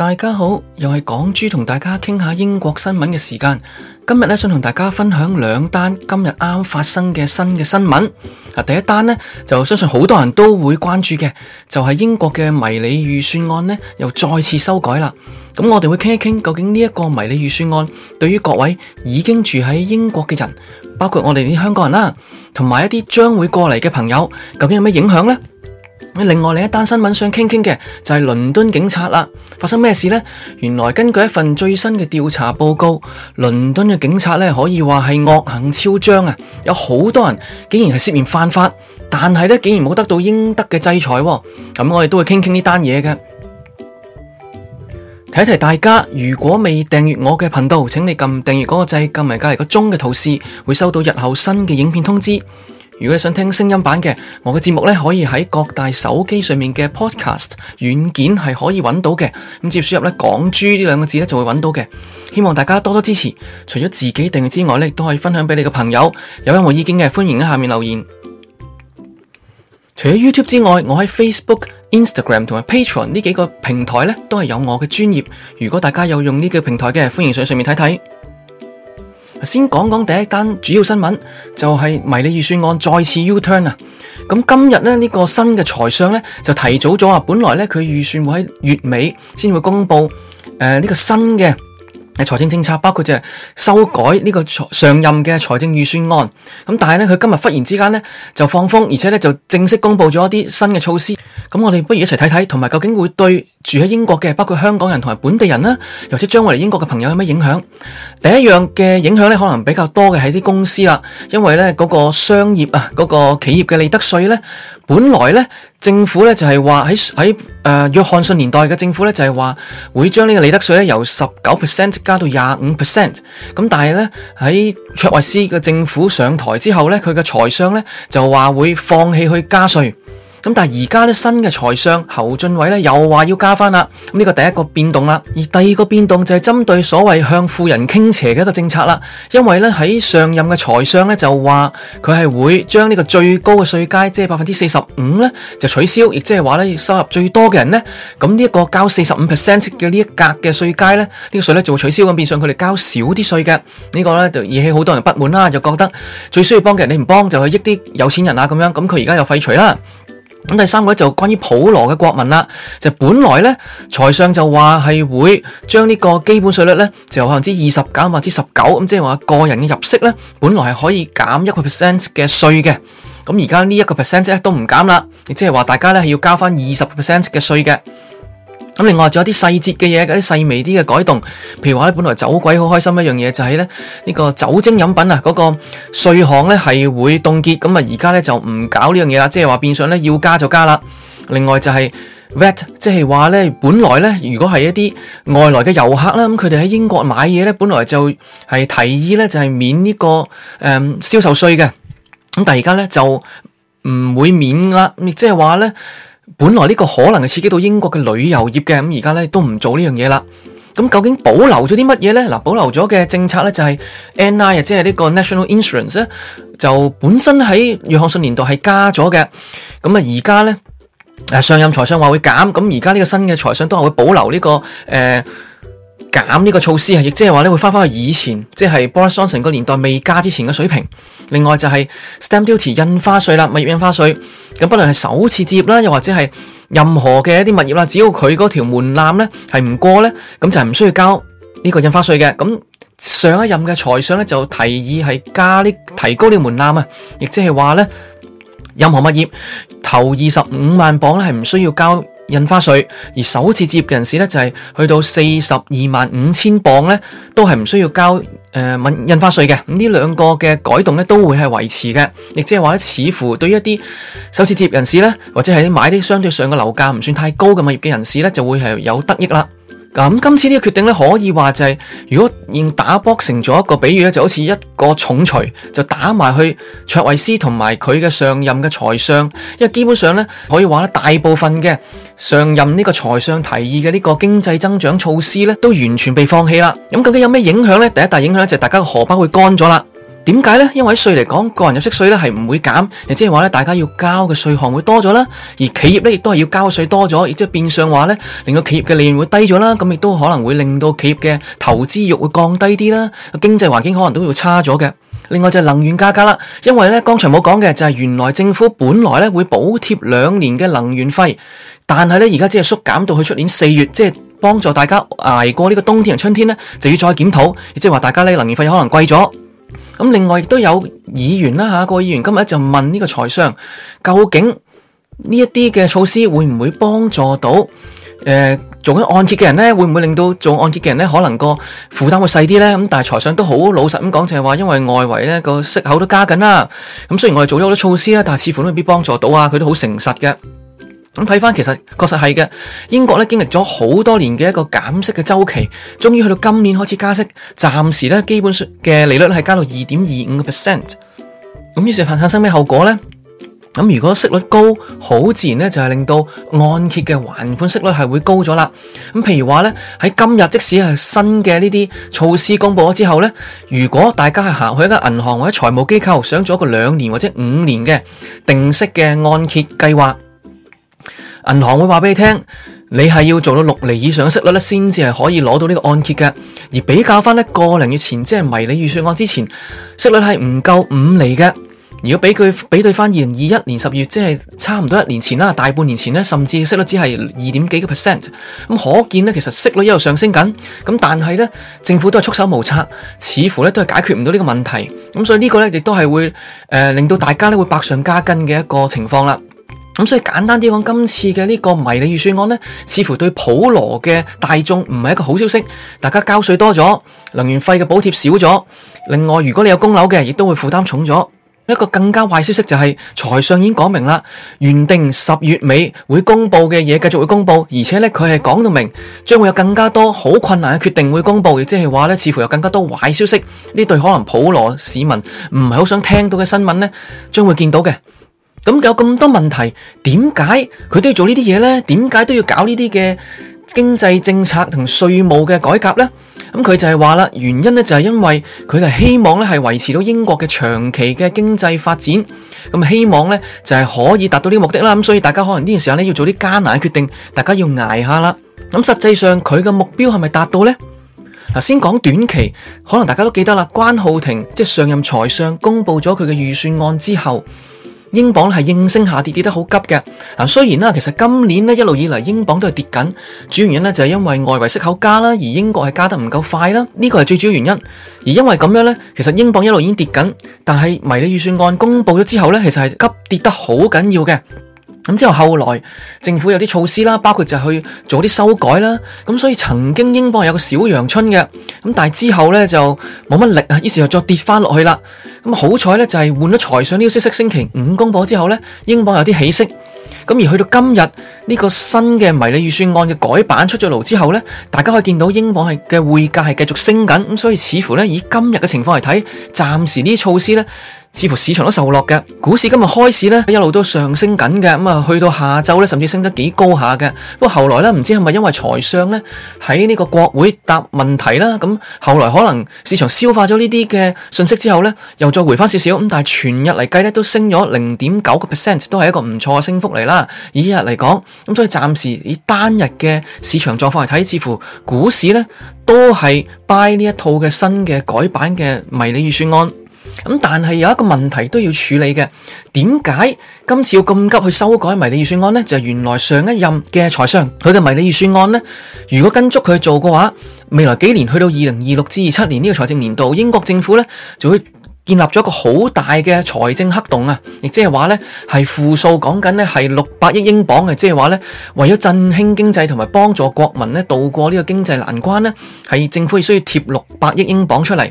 大家好，又係港珠同大家傾下英國新聞嘅時間。今日咧，想同大家分享兩單今日啱發生嘅新嘅新聞。啊，第一單呢，就相信好多人都會關注嘅，就係英國嘅迷你預算案呢又再次修改啦。咁我哋會傾一傾，究竟呢一個迷你預算案對於各位已經住喺英國嘅人，包括我哋啲香港人啦，同埋一啲將會過嚟嘅朋友，究竟有咩影響呢？另外，另一單新聞想傾傾嘅就係、是、倫敦警察啦，發生咩事呢？原來根據一份最新嘅調查報告，倫敦嘅警察呢可以話係惡行昭彰啊，有好多人竟然係涉嫌犯法，但係呢，竟然冇得到應得嘅制裁。咁、嗯、我哋都會傾傾呢單嘢嘅。提一提大家，如果未訂閱我嘅頻道，請你撳訂閱嗰個掣，撳埋隔離個鐘嘅圖示，會收到日後新嘅影片通知。如果你想聽聲音版嘅，我嘅節目咧可以喺各大手機上面嘅 Podcast 軟件係可以揾到嘅。咁接輸入咧港豬呢兩個字咧就會揾到嘅。希望大家多多支持。除咗自己訂閱之外咧，亦都可以分享俾你嘅朋友。有任何意見嘅，歡迎喺下面留言。除咗 YouTube 之外，我喺 Facebook、Instagram 同埋 Patreon 呢幾個平台咧都係有我嘅專頁。如果大家有用呢個平台嘅，歡迎上上面睇睇。先講講第一單主要新聞，就係、是、迷你預算案再次 U turn 啊！咁今日咧、呢、這個新嘅財相呢，就提早咗啊，本來呢，佢預算會喺月尾先會公佈，誒、呃、呢、這個新嘅財政政策，包括就係修改呢個上任嘅財政預算案。咁但係呢，佢今日忽然之間呢，就放風，而且呢，就正式公佈咗一啲新嘅措施。咁我哋不如一齊睇睇，同埋究竟會對。住喺英國嘅，包括香港人同埋本地人啦，又或者將我哋英國嘅朋友有咩影響？第一樣嘅影響咧，可能比較多嘅係啲公司啦，因為咧嗰個商業啊，嗰個企業嘅利得稅咧，本來咧政府咧就係話喺喺誒約翰遜年代嘅政府咧就係話會將呢個利得稅咧由十九 percent 加到廿五 percent，咁但係咧喺卓慧斯嘅政府上台之後咧，佢嘅財相咧就話會放棄去加稅。咁但係而家咧新嘅財商侯俊偉咧又話要加翻啦，咁呢個第一個變動啦。而第二個變動就係針對所謂向富人傾斜嘅一個政策啦。因為咧喺上任嘅財商咧就話佢係會將呢個最高嘅稅階即係百分之四十五咧就取消，亦即係話咧收入最多嘅人咧，咁呢一個交四十五 percent 嘅呢一格嘅稅階咧呢個稅咧就會取消咁，變相佢哋交少啲稅嘅呢個咧就惹起好多人不滿啦，就覺得最需要幫嘅人你唔幫就去益啲有錢人啊咁樣，咁佢而家又廢除啦。咁第三個咧就關於普羅嘅國民啦，就本來咧財相就話係會將呢個基本稅率咧就百分之二十減百分之十九，咁即係話個人嘅入息咧本來係可以減一個 percent 嘅稅嘅，咁而家呢一個 percent 咧都唔減啦，亦即係話大家咧係要交翻二十 percent 嘅稅嘅。的稅的咁另外仲有啲細節嘅嘢，嗰啲細微啲嘅改動，譬如話咧，本來酒鬼好開心一樣嘢，就係咧呢個酒精飲品啊，嗰、那個稅項咧係會凍結，咁啊而家咧就唔搞呢樣嘢啦，即係話變相咧要加就加啦。另外就係 VAT，即係話咧，本來咧如果係一啲外來嘅遊客啦，咁佢哋喺英國買嘢咧，本來就係提議咧就係免呢、這個誒、嗯、銷售稅嘅，咁但係而家咧就唔會免啦，亦即係話咧。本來呢個可能係刺激到英國嘅旅遊業嘅，咁而家咧都唔做呢樣嘢啦。咁究竟保留咗啲乜嘢咧？嗱，保留咗嘅政策咧就係、是、NI 啊，即係呢個 National Insurance 咧、啊，就本身喺約翰遜年代係加咗嘅。咁啊，而家咧誒上任財相話會減，咁而家呢個新嘅財相都係會保留呢、這個誒。呃減呢個措施啊，亦即係話咧會翻翻去以前，即係 Boris Johnson 成個年代未加之前嘅水平。另外就係 Stamp Duty 印花稅啦，物業印花稅。咁不論係首次置業啦，又或者係任何嘅一啲物業啦，只要佢嗰條門檻咧係唔過咧，咁就係唔需要交呢個印花稅嘅。咁上一任嘅財相咧就提議係加呢，提高呢個門檻啊，亦即係話咧任何物業頭二十五萬磅咧係唔需要交。印花稅，而首次置業人士呢，就係、是、去到四十二萬五千鎊呢，都係唔需要交誒、呃、印花稅嘅。呢兩個嘅改動呢，都會係維持嘅，亦即係話呢，似乎對於一啲首次置業人士呢，或者係買啲相對上嘅樓價唔算太高嘅物業嘅人士呢，就會係有得益啦。咁今次呢個決定呢，可以話就係、是，如果用打波成咗一個比喻咧，就好似一個重錘就打埋去卓慧思同埋佢嘅上任嘅財相，因為基本上呢，可以話咧，大部分嘅上任呢個財相提議嘅呢個經濟增長措施呢，都完全被放棄啦。咁、嗯、究竟有咩影響呢？第一大影響咧就係大家嘅荷包會乾咗啦。點解呢？因為喺稅嚟講個人入息稅咧，係唔會減，亦即係話咧，大家要交嘅稅項會多咗啦。而企業咧亦都係要交嘅稅多咗，亦即係變相話咧，令個企業嘅利潤會低咗啦。咁亦都可能會令到企業嘅投資欲會降低啲啦。經濟環境可能都會差咗嘅。另外就係能源價格啦，因為咧剛才冇講嘅就係原來政府本來咧會補貼兩年嘅能源費，但係咧而家只係縮減到去出年四月，即係幫助大家挨過呢個冬天同春天咧，就要再檢討，亦即係話大家咧能源費可能貴咗。咁另外亦都有議員啦嚇，個、啊、議員今日就問呢個財相究竟呢一啲嘅措施會唔會幫助到誒、呃、做緊按揭嘅人咧？會唔會令到做按揭嘅人咧可能個負擔會細啲咧？咁但係財相都好老實咁講，就係話因為外圍咧個息口都加緊啦、啊，咁、嗯、雖然我哋做咗好多措施啦，但係似乎都未必幫助到啊，佢都好誠實嘅。咁睇翻，其實確實係嘅。英國咧經歷咗好多年嘅一個減息嘅周期，終於去到今年開始加息。暫時咧，基本嘅利率係加到二點二五嘅 percent。咁於是發生咩後果咧？咁如果息率高，好自然咧就係令到按揭嘅還款息率係會高咗啦。咁譬如話咧喺今日，即使係新嘅呢啲措施公布咗之後咧，如果大家係行去一間銀行或者財務機構，想做一個兩年或者五年嘅定息嘅按揭計劃。銀行會話俾你聽，你係要做到六厘以上嘅息率咧，先至係可以攞到呢個按揭嘅。而比較翻咧，個零月前即係、就是、迷你預算案之前，息率係唔夠五厘嘅。如果比佢比對翻二零二一年十月，即、就、係、是、差唔多一年前啦，大半年前呢，甚至息率只係二點幾個 percent。咁可見呢，其實息率一路上升緊。咁但係呢，政府都係束手無策，似乎呢都係解決唔到呢個問題。咁所以呢個呢，亦都係會誒、呃、令到大家呢會百上加斤嘅一個情況啦。咁、嗯、所以簡單啲講，今次嘅呢個迷你預算案呢，似乎對普羅嘅大眾唔係一個好消息。大家交稅多咗，能源費嘅補貼少咗。另外，如果你有供樓嘅，亦都會負擔重咗。一個更加壞消息就係財相已經講明啦，原定十月尾會公布嘅嘢繼續會公布，而且呢，佢係講到明，將會有更加多好困難嘅決定會公布，亦即係話呢，似乎有更加多壞消息。呢對可能普羅市民唔係好想聽到嘅新聞呢，將會見到嘅。咁有咁多問題，點解佢都要做呢啲嘢呢？點解都要搞呢啲嘅經濟政策同稅務嘅改革呢？咁佢就係話啦，原因呢就係因為佢係希望咧係維持到英國嘅長期嘅經濟發展，咁希望呢就係可以達到呢個目的啦。咁所以大家可能呢段時間咧要做啲艱難嘅決定，大家要捱下啦。咁實際上佢嘅目標係咪達到呢？嗱，先講短期，可能大家都記得啦，關浩庭即係、就是、上任財相公布咗佢嘅預算案之後。英鎊係應聲下跌，跌得好急嘅。嗱，雖然啦，其實今年咧一路以嚟英鎊都係跌緊，主要原因呢就係因為外圍息口加啦，而英國係加得唔夠快啦，呢個係最主要原因。而因為咁樣呢，其實英鎊一路已經跌緊，但係迷你預算案公布咗之後呢，其實係急跌得好緊要嘅。咁之後後來政府有啲措施啦，包括就去做啲修改啦。咁所以曾經英鎊有個小陽春嘅，咁但係之後呢就冇乜力啊，於是又再跌翻落去啦。咁好彩呢，就係換咗財相呢個消息，星期五公布之後呢，英鎊有啲起色。咁而去到今日呢個新嘅迷你預算案嘅改版出咗爐之後呢，大家可以見到英鎊係嘅匯價係繼續升緊，咁所以似乎呢，以今日嘅情況嚟睇，暫時呢啲措施呢。似乎市場都受落嘅，股市今日開市咧，一路都上升緊嘅，咁啊，去到下晝咧，甚至升得幾高下嘅。不過後來咧，唔知係咪因為財商咧喺呢個國會答問題啦，咁後來可能市場消化咗呢啲嘅信息之後咧，又再回翻少少。咁但係全日嚟計咧，都升咗零點九個 percent，都係一個唔錯嘅升幅嚟啦。以日嚟講，咁所以暫時以單日嘅市場狀況嚟睇，似乎股市咧都係 buy 呢一套嘅新嘅改版嘅迷你預算案。咁但係有一個問題都要處理嘅。點解今次要咁急去修改迷你預算案呢？就係原來上一任嘅財相，佢嘅迷你預算案呢，如果跟足佢做嘅話，未來幾年去到二零二六至二七年呢個財政年度，英國政府呢就會建立咗一個好大嘅財政黑洞啊！亦即係話呢，係負數，講緊呢係六百億英鎊嘅，即係話呢，為咗振興經濟同埋幫助國民呢度過呢個經濟難關呢，係政府需要貼六百億英鎊出嚟。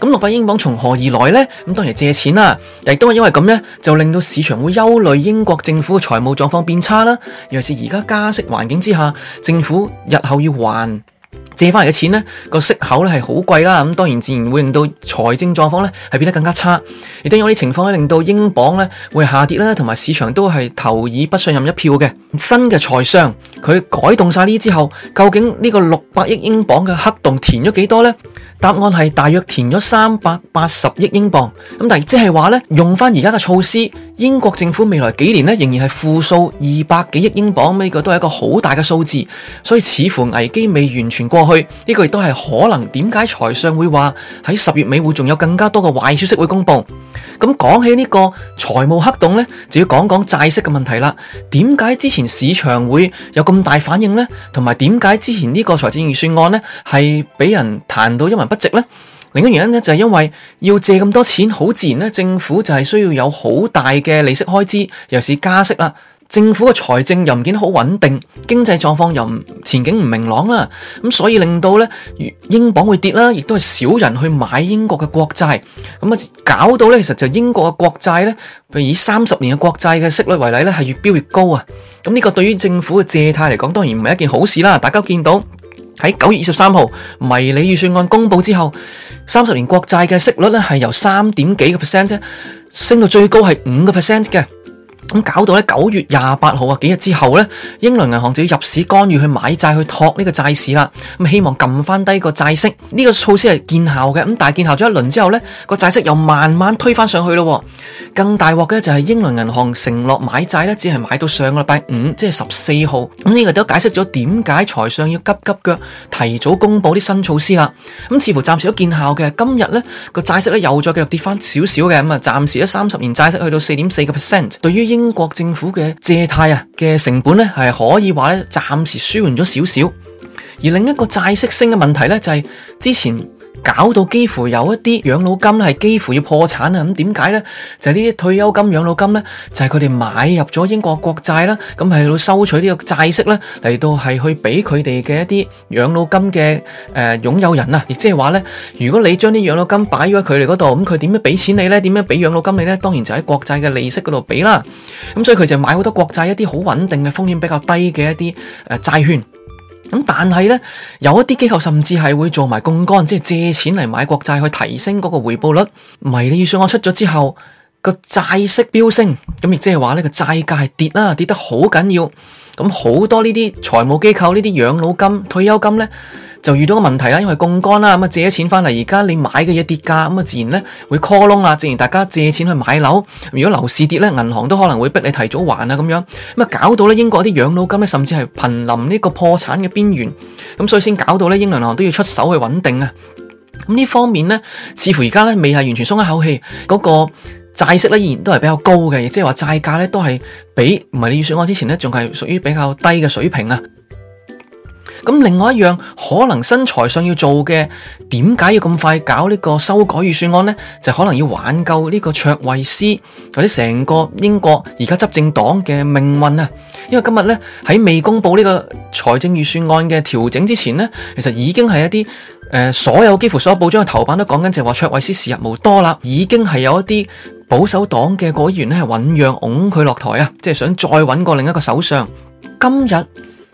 咁六百英鎊從何而來呢？咁當然借錢啦，啊，但亦都係因為咁咧，就令到市場會憂慮英國政府嘅財務狀況變差啦，啊。尤其是而家加息環境之下，政府日後要還。借翻嚟嘅錢呢個息口咧係好貴啦，咁當然自然會令到財政狀況呢係變得更加差，亦都因為呢啲情況咧令到英鎊呢會下跌啦，同埋市場都係投以不信任一票嘅。新嘅財相佢改動晒呢之後，究竟呢個六百億英鎊嘅黑洞填咗幾多呢？答案係大約填咗三百八十億英鎊，咁但係即係話呢，用翻而家嘅措施，英國政府未來幾年呢仍然係負數二百幾億英鎊，呢個都係一個好大嘅數字，所以似乎危機未完全。傳過去呢、這個亦都係可能，點解財相會話喺十月尾會仲有更加多嘅壞消息會公布？咁、嗯、講起呢個財務黑洞呢，就要講講債息嘅問題啦。點解之前市場會有咁大反應呢？同埋點解之前呢個財政預算案呢係俾人彈到一文不值呢？另一原因呢，就是、因為要借咁多錢，好自然呢政府就係需要有好大嘅利息開支，尤其是加息啦。政府嘅財政又唔見得好穩定，經濟狀況又唔前景唔明朗啦，咁所以令到咧英鎊會跌啦，亦都係少人去買英國嘅國債，咁啊搞到咧，其實就英國嘅國債咧，譬如以三十年嘅國債嘅息率為例咧，係越飆越高啊！咁呢個對於政府嘅借貸嚟講，當然唔係一件好事啦。大家見到喺九月二十三號迷你預算案公布之後，三十年國債嘅息率咧係由三點幾個 percent 啫，升到最高係五個 percent 嘅。咁搞到咧九月廿八號啊幾日之後咧，英倫銀行就要入市干預去買債去托呢個債市啦。咁希望撳翻低個債息，呢個措施係見效嘅。咁但係見效咗一輪之後咧，個債息又慢慢推翻上去咯。更大鑊嘅就係英倫銀行承諾買債咧，只係買到上個禮拜五，即係十四號，咁呢個都解釋咗點解財相要急急腳提早公布啲新措施啦。咁、嗯、似乎暫時都見效嘅。今日咧個債息咧又再繼續跌翻少少嘅。咁啊，暫時咧三十年債息去到四點四個 percent。對於英英國政府嘅借貸啊嘅成本咧，係可以話咧，暫時舒緩咗少少，而另一個債息升嘅問題咧，就係之前。搞到幾乎有一啲養老金係幾乎要破產啊！咁點解呢？就係呢啲退休金養老金呢，就係佢哋買入咗英國國債啦，咁係去到收取呢個債息呢，嚟到係去俾佢哋嘅一啲養老金嘅誒擁有人啊，亦即係話呢，如果你將啲養老金擺咗佢哋嗰度，咁佢點樣俾錢你呢？點樣俾養老金你呢？當然就喺國債嘅利息嗰度俾啦。咁所以佢就買好多國債，一啲好穩定嘅風險比較低嘅一啲誒債券。咁但係咧，有一啲機構甚至係會做埋槓桿，即係借錢嚟買國債去提升嗰個回報率。迷你預算案出咗之後，個債息飆升，咁亦即係話呢個債價係跌啦，跌得好緊要。咁好多呢啲財務機構呢啲養老金退休金呢，就遇到個問題啦，因為槓桿啦，咁啊借咗錢翻嚟，而家你買嘅嘢跌價，咁啊自然咧會 call 窿啊，自然大家借錢去買樓，如果樓市跌呢，銀行都可能會逼你提早還啊咁樣，咁啊搞到呢英國啲養老金咧甚至係瀕臨呢個破產嘅邊緣，咁所以先搞到呢英倫銀行都要出手去穩定啊，咁呢方面呢，似乎而家呢未係完全鬆一口氣嗰、那個。債息依然都係比較高嘅，亦即係話債價咧都係比唔係迷你預算案之前咧仲係屬於比較低嘅水平啊。咁另外一樣可能新財相要做嘅，點解要咁快搞呢個修改預算案呢？就是、可能要挽救呢個卓慧斯或者成個英國而家執政黨嘅命運啊。因為今日呢，喺未公布呢個財政預算案嘅調整之前呢，其實已經係一啲誒所有幾乎所有報章嘅頭版都講緊，就係話卓慧斯時日無多啦，已經係有一啲，保守黨嘅國會議員呢係醞釀拱佢落台啊，即係想再揾個另一個首相。今日。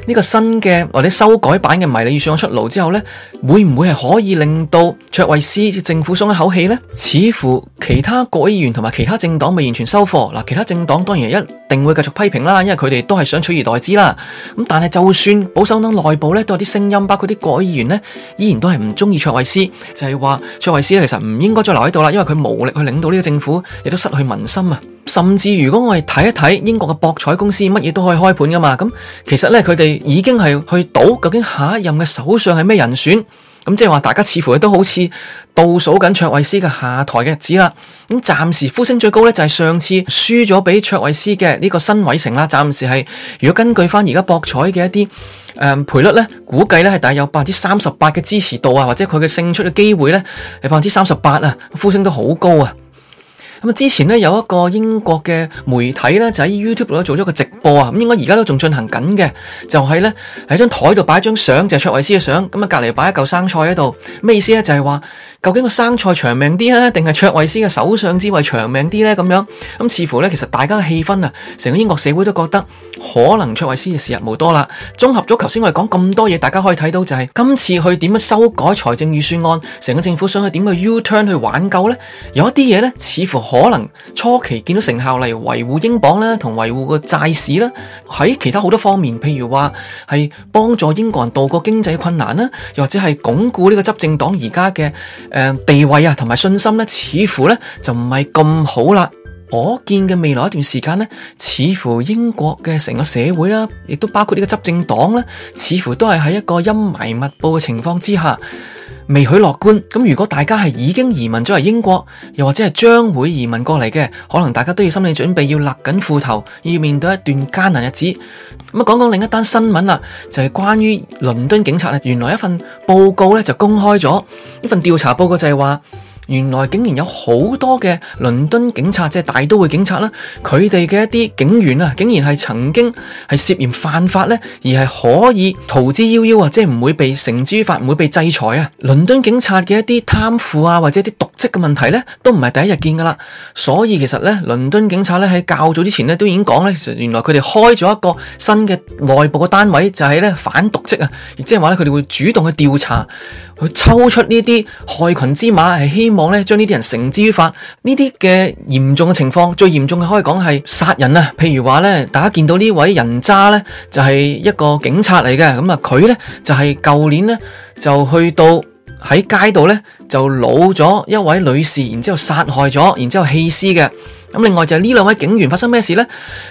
呢個新嘅或者修改版嘅迷你預算案出爐之後呢會唔會係可以令到卓慧思政府鬆一口氣呢？似乎其他國議員同埋其他政黨未完全收貨。嗱，其他政黨當然係一定會繼續批評啦，因為佢哋都係想取而代之啦。咁但係就算保守黨內部都有啲聲音，包括啲國議員呢，依然都係唔鍾意卓慧思，就係、是、話卓慧思其實唔應該再留喺度啦，因為佢無力去領導呢個政府，亦都失去民心啊。甚至如果我哋睇一睇英國嘅博彩公司，乜嘢都可以開盤噶嘛。咁其實呢，佢哋已經係去賭究竟下一任嘅首相係咩人選。咁即係話，大家似乎都好似倒數緊卓慧思嘅下台嘅日子啦。咁暫時呼聲最高呢，就係、是、上次輸咗俾卓慧思嘅呢個辛偉誠啦。暫時係如果根據翻而家博彩嘅一啲誒、呃、賠率呢，估計呢係大約有百分之三十八嘅支持度啊，或者佢嘅勝出嘅機會呢係百分之三十八啊，呼聲都好高啊。咁之前咧有一個英國嘅媒體咧，就喺 YouTube 度做咗個直播啊，咁應該而家都仲進行緊嘅，就係咧喺張枱度擺張相，就係、是、卓慧思嘅相，咁啊隔離擺一嚿生菜喺度，咩意思呢？就係、是、話究竟個生菜長命啲啊，定係卓慧思嘅首相之位長命啲呢？咁樣咁似乎呢，其實大家嘅氣氛啊，成個英國社會都覺得可能卓慧思嘅時日無多啦。綜合咗頭先我哋講咁多嘢，大家可以睇到就係、是、今次去點樣修改財政預算案，成個政府想去點去 U turn 去挽救呢？有一啲嘢呢，似乎。可能初期見到成效，例如維護英鎊咧，同維護個債市咧，喺其他好多方面，譬如話係幫助英國人度過經濟困難咧，又或者係鞏固呢個執政黨而家嘅誒地位啊，同埋信心咧，似乎咧就唔係咁好啦。可見嘅未來一段時間呢，似乎英國嘅成個社會啦，亦都包括呢個執政黨呢，似乎都係喺一個陰霾密布嘅情況之下，未許樂觀。咁如果大家係已經移民咗嚟英國，又或者係將會移民過嚟嘅，可能大家都要心理準備，要勒緊褲頭，要面對一段艱難日子。咁啊，講講另一單新聞啦，就係關於倫敦警察啊，原來一份報告呢就公開咗一份調查報告就係話。原來竟然有好多嘅倫敦警察，即係大都會警察啦，佢哋嘅一啲警員啊，竟然係曾經係涉嫌犯法咧，而係可以逃之夭夭啊，即係唔會被繩之於法，唔會被制裁啊。倫敦警察嘅一啲貪腐啊，或者一啲瀆職嘅問題咧，都唔係第一日見噶啦。所以其實咧，倫敦警察咧喺較早之前咧都已經講咧，原來佢哋開咗一個新嘅內部嘅單位，就係咧反瀆職啊，亦即係話咧佢哋會主動去調查。佢抽出呢啲害群之馬，係希望咧將呢啲人繩之於法。呢啲嘅嚴重嘅情況，最嚴重嘅可以講係殺人啊。譬如話咧，大家見到呢位人渣咧，就係一個警察嚟嘅。咁啊，佢咧就係舊年咧就去到喺街度咧就擄咗一位女士，然之後殺害咗，然之後棄屍嘅。咁另外就係呢兩位警員發生咩事咧？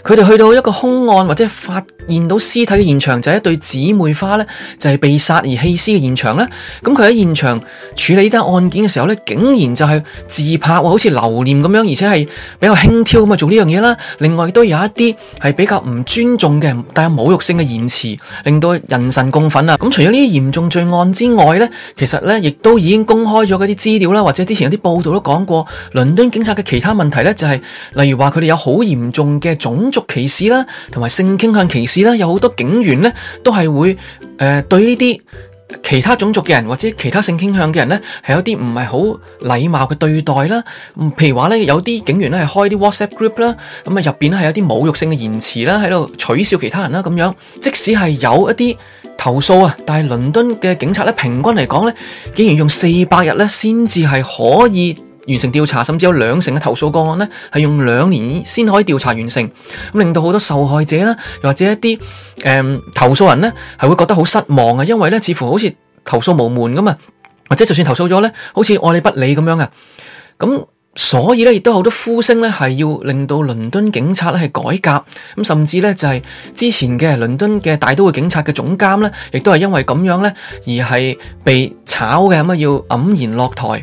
佢哋去到一個兇案或者發現到屍體嘅現場，就係一對姊妹花咧，就係被殺而棄屍嘅現場咧。咁佢喺現場處理呢單案件嘅時候咧，竟然就係自拍，好似留念咁樣，而且係比較輕佻咁啊做呢樣嘢啦。另外亦都有一啲係比較唔尊重嘅、帶有侮辱性嘅言辭，令到人神共憤啊！咁除咗呢啲嚴重罪案之外咧，其實咧亦都已經公開咗嗰啲資料啦，或者之前有啲報道都講過倫敦警察嘅其他問題咧就係。例如話佢哋有好嚴重嘅種族歧視啦，同埋性傾向歧視啦，有好多警員咧都係會誒對呢啲其他種族嘅人或者其他性傾向嘅人咧係有啲唔係好禮貌嘅對待啦。譬如話咧有啲警員咧係開啲 WhatsApp group 啦，咁啊入邊咧係有啲侮辱性嘅言辭啦，喺度取笑其他人啦咁樣。即使係有一啲投訴啊，但係倫敦嘅警察咧平均嚟講咧，竟然用四百日咧先至係可以，完成調查，甚至有兩成嘅投訴個案呢，係用兩年先可以調查完成，咁令到好多受害者咧，又或者一啲誒、嗯、投訴人呢，係會覺得好失望嘅，因為呢，似乎好似投訴無門咁啊，或者就算投訴咗呢，好似愛理不理咁樣啊，咁所以呢，亦都好多呼聲呢，係要令到倫敦警察咧係改革，咁甚至呢，就係、是、之前嘅倫敦嘅大都會警察嘅總監呢，亦都係因為咁樣呢，而係被炒嘅，咁啊要黯然落台。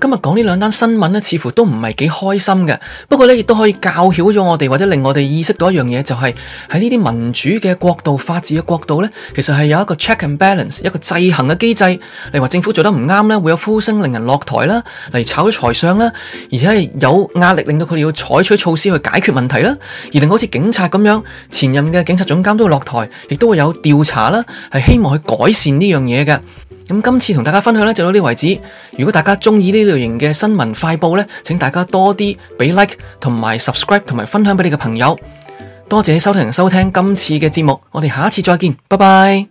今日講呢兩單新聞呢，似乎都唔係幾開心嘅。不過呢，亦都可以教曉咗我哋，或者令我哋意識到一樣嘢，就係喺呢啲民主嘅國度、法治嘅國度呢，其實係有一個 check and balance，一個制衡嘅機制。例如話政府做得唔啱呢，會有呼聲令人落台啦，嚟炒咗財相啦，而且係有壓力令到佢哋要採取措施去解決問題啦，而令好似警察咁樣，前任嘅警察總監都會落台，亦都會有調查啦，係希望去改善呢樣嘢嘅。今次同大家分享就到呢度為止。如果大家中意呢類型嘅新聞快報咧，請大家多啲俾 like 同埋 subscribe 同埋分享俾你嘅朋友。多謝收聽收聽今次嘅節目，我哋下次再見，拜拜。